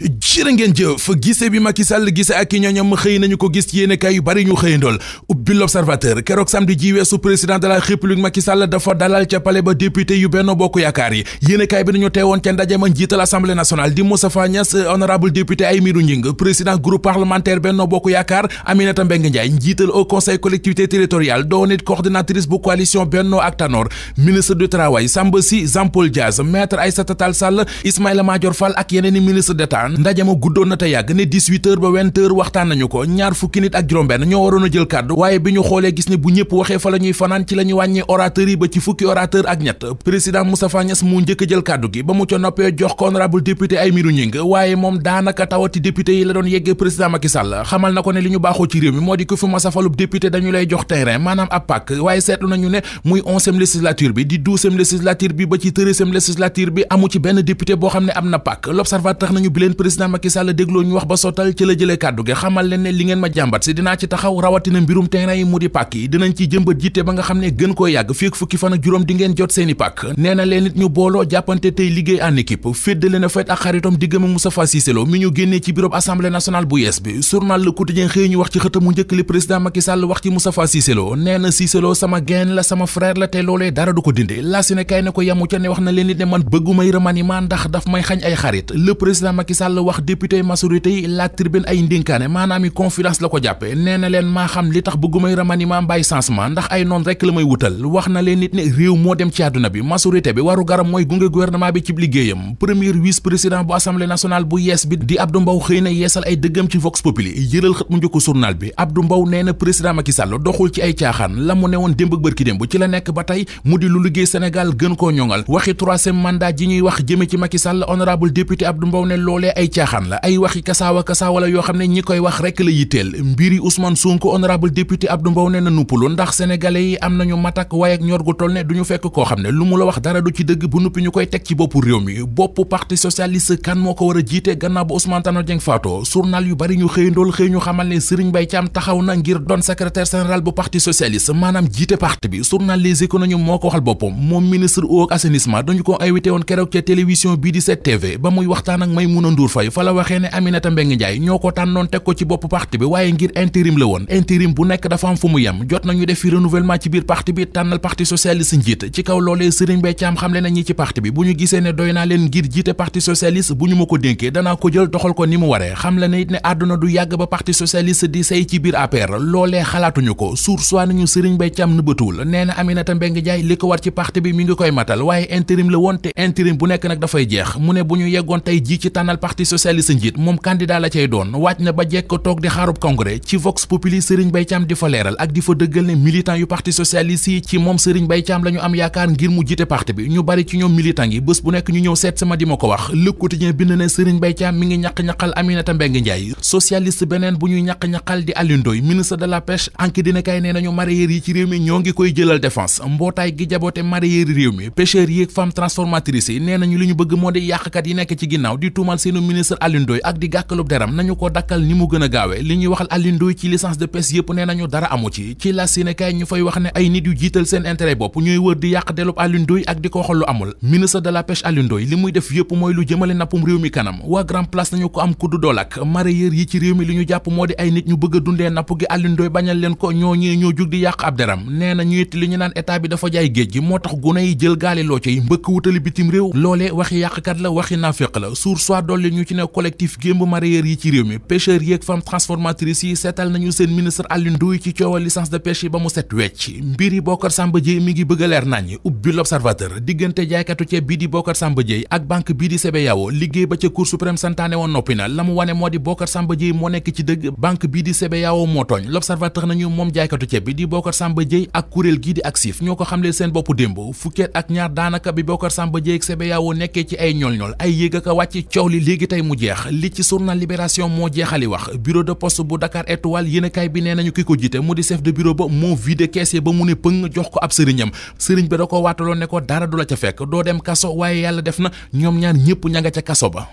jërë ngeen jëf gise bi Macky Sall gise ak i ñooñam xëy nañu ko gis ci yéenekaay yu bari ñu xëyandool ubbi l'observateur keroog samedi ji weesu président de la république Macky Sall dafa dalal ca palais ba député yu Benno Bokk Yaakaar yi yéenekaay bi nañu teewoon ca ndaje ma njiital assemblée nationale di Moustapha Niasse honorable député Aymérou Gningue président groupe parlementaire Benno Bokk Yaakaar Aminata Mbengue Ndiaye njiital au conseil collectivité territoriale doonit coordinatrice bu coalition Benno waxtaan ndaje ma guddoon na yàgg ne 18 heures ba 20 heures waxtaan nañu ko ñaar fukki nit ak juróom-benn ñoo waroon a jël kàddu waaye bi ñu xoolee gis ne bu ñëpp waxee fa la fanaan ci la ñu wàññi yi ba ci fukki orateur ak ñett président Moustapha Niass mu njëkk jël kàddu gi ba mu ca noppee jox ko honorable député Aymérou waaye moom daanaka tawati député yi la doon yeggee président Macky xamal na ko ne li ñu baaxoo ci réew mi moo di ko président Macky Sall dégloo ñu wax ba sottal ci la jëlee kàddu gi xamal leen ne li ngeen ma jàmbat si dinaa ci taxaw rawatina mbirum terrain yi mu di pàkk yi dinañ ci jëmbat jiite ba nga xam ne gën koo yàgg fii ak fukki fan juróom di ngeen jot seeni pàkk nee na leen nit ñu booloo jàppante tey liggéey en équipe féddale na fet ak xaritom diggam ak Moustapha Cissé mi ñu génnee ci bureau assemblée nationale bu yees bi journal Le Quotidien xëy ñu wax ci xëtamu li président Macky Sall wax ci Moustapha Cissé Lo nee na Cissé Lo sama gain la sama frère la te loolee dara du ko dindi laa si ne kay ne ko yamu ca ne wax na leen nit ne man bëggumay remaniement ndax daf may xañ ay xarit Sall wax député majorité yi la tribune ay ndinkane manam mi confiance lako jappé néna len ma xam li tax ramani ma mbay changement ndax ay non rek la may wutal wax na len nit ne réew mo dem ci aduna bi majorité bi waru garam moy gungé gouvernement bi ci liggéeyam premier vice président bu assemblée nationale bu yes bi di Abdou mbaw xeyna na ay dëggam ci vox populi yëral xat mu njëkk journal bi Abdou mbaw néna na président Macky Sall doxul ci ay tiaxan la mu ne woon ak barki demb ci la nek ba tey mu di lu liggéey Sénégal gën ko ñongal waxi 3e mandat ji ñuy wax jëme ci Macky Sall honorable député Abdou mbaw né lolé ay caaxaan la ay waxi kasaawa kasaawa la yoo xam ne ñi koy wax rek la yitteel mbiri usman Sonko honorable député Abdou Mbow ne na nuppalu ndax sénégalais yi am nañu matak waaye ak ñor gu toll ne ñu fekk koo xam ne lu mu la wax dara du ci dëgg bu nuppi ñu koy teg ci boppu réew mi boppu parti socialiste kan moo ko war a jiite gannaaw ba Ousmane Tanor Dieng faatoo journal yu bari ñu xëyandool xëy ñu xamal ne Serigne bay Thiam taxaw na ngir doon secrétaire général bu parti socialiste maanaam jiite parti bi journal Les Échos nañu moo ko waxal boppam moom ministre ak assainissement dañu ko invité woon keroog ca télévision bii di ba muy waxtaan ak Maïmouna Ndour Mansour Faye fa la waxee ne Aminata Mbengue Ndiaye ñoo ko tànnoon teg ko ci bopp parti bi waaye ngir intérim la woon intérim bu nekk dafa am fu mu yem jot nañu def fi renouvellement ci biir parti ne bu ñu ma ko dénkee ci biir APR bi mi ngi intérim la woon intérim bu nekk nag dafay jeex mu ne bu ñu yeggoon tey ji ci tànnal parti socialiste njit mom candidat la cey doon wacc na ba jekko tok di xaarub congrès ci vox populi Serigne Mbaye di fa leral ak di fa deugal ne militant yu parti socialiste ci mom Serigne Mbaye Thiam la am yakar ngir mu jité parti bi ñu bari ci ñom militant yi bëss bu nek ñu ñew set sama di ma ko wax Le Quotidien bind ne Serigne Mbaye Thiam mi ngi ñak ñakal Aminata mbeng ndjay socialiste benen bu ñuy ñak ñakal di Alioune Ndoye ministre de la pêche anki dina kay ne nañu marier yi ci réew mi ñoo ngi koy jëlal défense mbotay gi jaboote mareyeur réew mi pêcheur yi ak femme transformatrice yi nee nañu li bëgg yi nek ci ginnaw di tumal seen doxalinu ministre Alioune ak di gàkkalub deram nañu ko dakkal ni mu gën gaawe li ñuy waxal Alioune ci licence de pêche yëpp nee nañu dara amu ci ci la ñu fay wax ne ay nit yu jiital seen intérêt bopp ñooy wër di yàq delub Alioune ak di ko waxal lu amul ministre de la pêche Alioune li muy def yëpp mooy lu jëmale nappum réew mi kanam waa Grand Place nañu ko am kudd dool ak mareyeur yi ci réew mi li ñu jàpp moo di ay nit ñu bëgg dundee napp li ñu ci ne collectif gémb mareyeur yi ci réew mi pêcheurs yeeg femme transformatrice yi seetal nañu seen ministre Alioune Ndoye ci coowal licence de pêche yi ba mu set wecc mbir yi Bocar Samba ngi bëgg a leer naññi ubbi l'observateur diggante jaaykatu ceeb bii di Bocar Samba ak banque bii di CBAO liggéey ba ca cour suprême santaane woon noppi na la mu wane moo di Bocar Samba Dièye moo nekk ci dëgg banque bii di CBAO moo tooñ l'observateur nañu moom jaaykatu ceeb bi di Bocar Samba Dièye ak kuréel gii di AXIF ñoo ko xamle seen bopp démb fukkeet ak ñaar daanaka bi Bocar Samba Dièye ak CBAO nekkee ci ay ñol ñol ay yéeg gi tey mu jeex li ci journal Libération moo jeexali wax bureau de poste bu Dakar Étoile yéenekaay bi nee nañu ki ko jiite mu di chef de bureau ba moo vidé kese ba mu ne pëng jox ko ab sëriñam sëriñ bi da ko waataloon ne ko dara du la ca fekk doo dem kaso waaye yàlla def na ñoom ñaar ñëpp ña nga ca kaso ba